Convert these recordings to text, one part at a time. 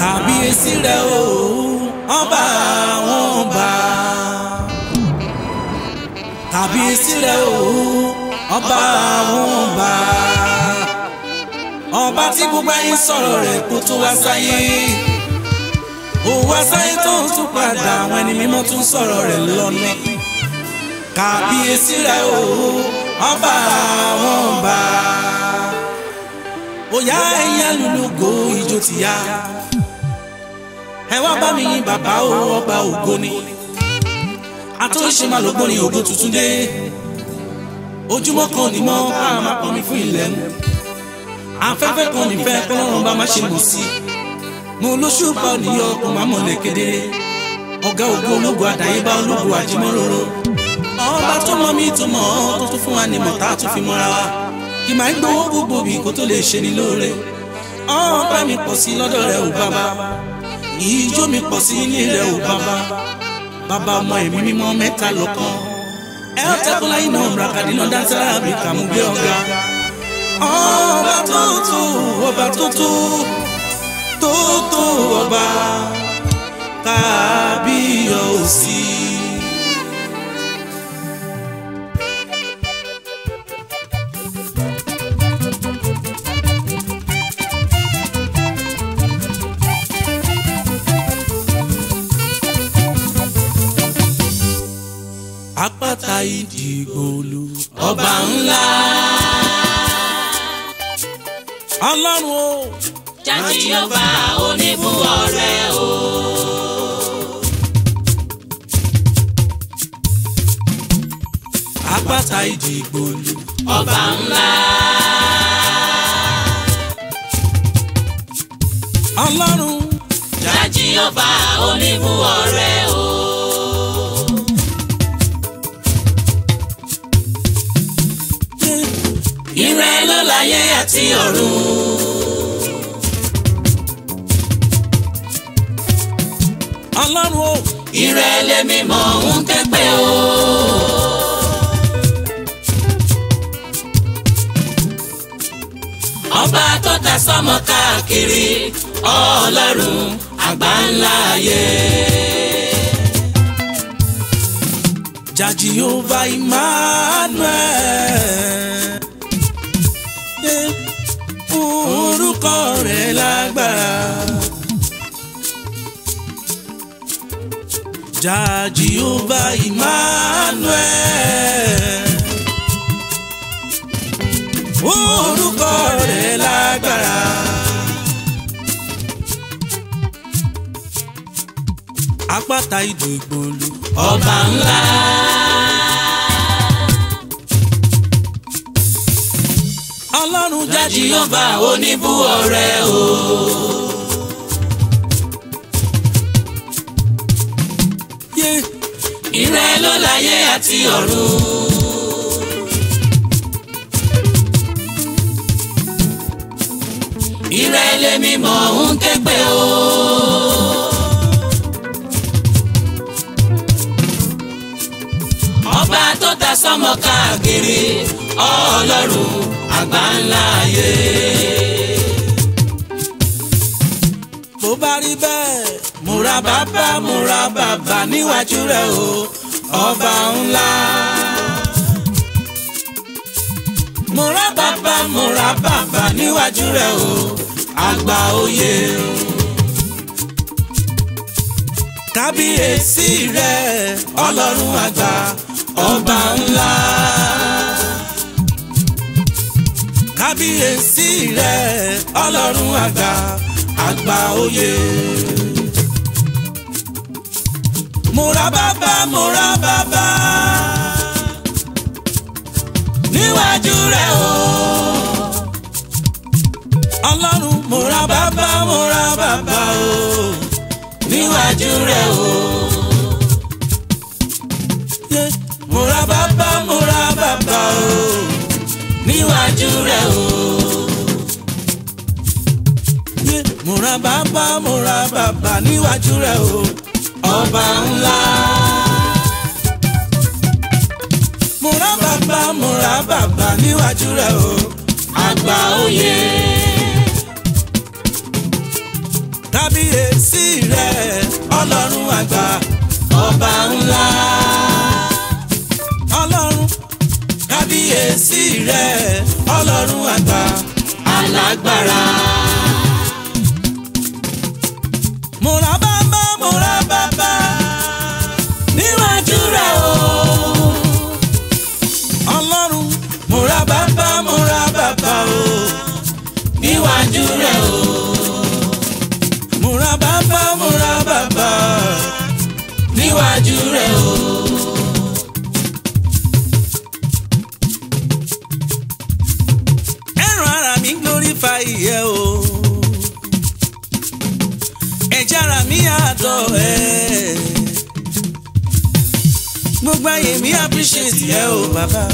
kàbíyèsí rẹ o ọba àwọn ọba kàbíyèsí rẹ o ọba àwọn ọba ọba tí gbogbo ayé sọ̀rọ̀ rẹ̀ kó tó wá sáyé ó wá sáyé tó ń tún padà àwọn ẹni mímọ́ tún sọ̀rọ̀ rẹ̀ lọ́nà kàbíyèsí rẹ o ọba àwọn ọba bóyá ẹ̀yà lùlùgò ìjó ti yá ẹ wá bá mi yin bàbá o ọba ògo ni àtúnṣe máa lọ gbóni ògo tuntun dé ojúmọ́ kan ní mọ́ bá a máa pọn mi fún ilẹ̀ mu afẹ́fẹ́ kan nífẹ́ kọ́lọ́run bá máa ṣe mọ̀ sí mo lóṣùpá òníyọ kò má mọ̀lẹ̀ kedere ọ̀gá ògo ológo àdáyébá ológo àjímọ́róró ọba tó mọ mi tó mọ̀ ọ́ tó tún fún wa ní mọ̀ tá a tún fi mọ́ra wa ìmọ̀ ń gbowó gbogbo bí kò tó lè ṣe ni lóore ọ̀hún bá mi pọ̀ sí lọ́dọ̀ rẹ̀ ò bàbá ìjó mi pọ̀ sí ilé rẹ̀ ò bàbá bàbá ọmọ ẹ̀mí mímọ́ mẹ́ta lọ́kàn ẹ ó tẹ́kọ̀ọ́ láyé náà ràkàdé náà dáńtẹ́rà bí kàmú gbé ọ̀gá ọba tó ọba tó tó ọba kábíyọ̀ sí àpáta ìdìgbòlù ọba ńlá. ọlọ́run o. jáde ọba onímú ọ̀rẹ́ o. àpáta ìdìgbòlù ọba ńlá. ọlọ́run. jáde ọba onímú ọ̀rẹ́ o. ló láyé àti ọ̀run. ọlọ́run o. ìrẹ́ lèmi mọ̀ ń kẹ́gbẹ́ o. ọba tó ta sọ́mọ káàkiri ọlọ́run àgbà ńlá ayé. Jah Emmanuel kú orúkọ rẹ̀ lágbára. Jà Jehovah Emmanuel. Orúkọ rẹ̀ lágbára. Àpáta ìdò ìgbòlù. Ọba ńlá. dájú yóò oníbú ọ̀rẹ́ o. ire ló láyé àti ọ̀run. tó ta sọ́mọ káàkiri ọlọ́run àgbáńlá ayé. bó bá rí bẹ́ẹ̀ múra bàbá múra bàbá níwájú rẹ̀ o ọba ńlá. múra bàbá múra bàbá níwájú rẹ̀ o àgbà oyè. kábíyèsí rẹ̀ ọlọ́run àgbà ọba ńlá. kábíyèsí rẹ̀ ọlọ́run àgbà àgbà òye. múra bàbá níwájú rẹ̀ o. ọlọ́run múra bàbá múra bàbá o níwájú rẹ̀ o múra bàbá múra bàbá o níwájú rẹ̀ o. múra bàbá múra bàbá níwájú rẹ̀ o ọba ńlá. múra bàbá múra bàbá níwájú rẹ̀ o àgbà òye. kábíyèsí rẹ̀ ọlọ́run àgbà ọba ńlá. kíyèsí rẹ̀ ọlọ́run àgbà alágbára. fa ìyẹ́ o. ẹ̀jẹ̀ ara mi yàtọ̀ ẹ̀. gbogbo ayé mi appreciate ẹ o bàbá.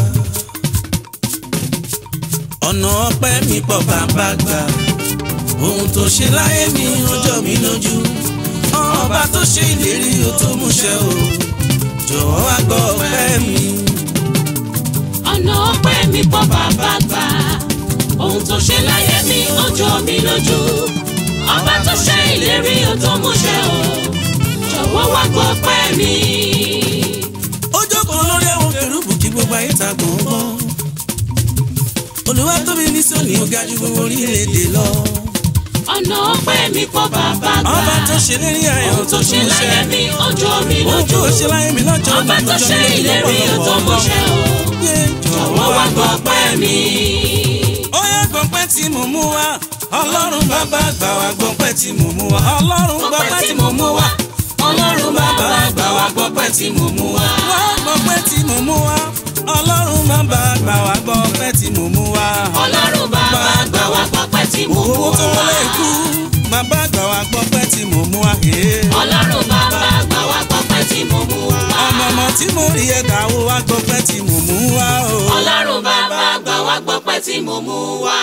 ọ̀nà ọpẹ́ mi pọ̀ bàbá gbà. ohun tó ṣe láyé mi ó jọ mí lójú. ọba tó ṣe ìlérí ó tó múṣẹ o. jọ̀wọ́ wá gbọ́ ọpẹ́ mi. ọ̀nà ọpẹ́ mi pọ̀ bàbá gbà ohun tó ṣe láyé ojú mi lójú ọba tó ṣe ìlérí ó tó o jọ̀wọ́ wá gbọ́ pẹ́ mi. ó jókòó lórí àwọn kẹrùbù kí gbogbo ayé ta gbọ̀ngàn olúwa tóbi ní sóni ó ga jù gbogbo orílẹ̀-èdè lọ. ọ̀nà ọpẹ́ mi kọ́ bàbá gbà ọba tó ṣe lérí ayọ̀ tó ṣe láyé mi ojú omi lójú ohun tó ṣe láyé mi lọ́jọ́ ọba tó ṣe ìlérí ó tó múṣẹ o jọ̀wọ́ wá gbọ́ pẹ́ mi tí mo mú wá ọlọ́run bàbá gbà wá gbọ́pẹ́ tí mo mú wá ọlọ́run gbọ́pẹ́ tí mo mú wá ọlọ́run bàbá gbà wá gbọ́pẹ́ tí mo mú wá. wá gbọ́pẹ́ tí mo mú wá ọlọ́run bàbá gbà wá gbọ́pẹ́ tí mo mú wá. ọlọ́run bàbá gbà wá gbọ́pẹ́ tí mo mú wá. owó tó wọlé ikú bàbá gbà wá gbọ́pẹ́ tí mo mú wá. ọlọ́run bàbá gbà wá gbọ́pẹ́ tí mo mú wá ọmọọmọ tí mo rí ẹ̀dá wo wá gbọ́pẹ́ tí mo mú wá o. ọlọ́run bàbá gbà wá gbọ́pẹ́ tí mo mú wá.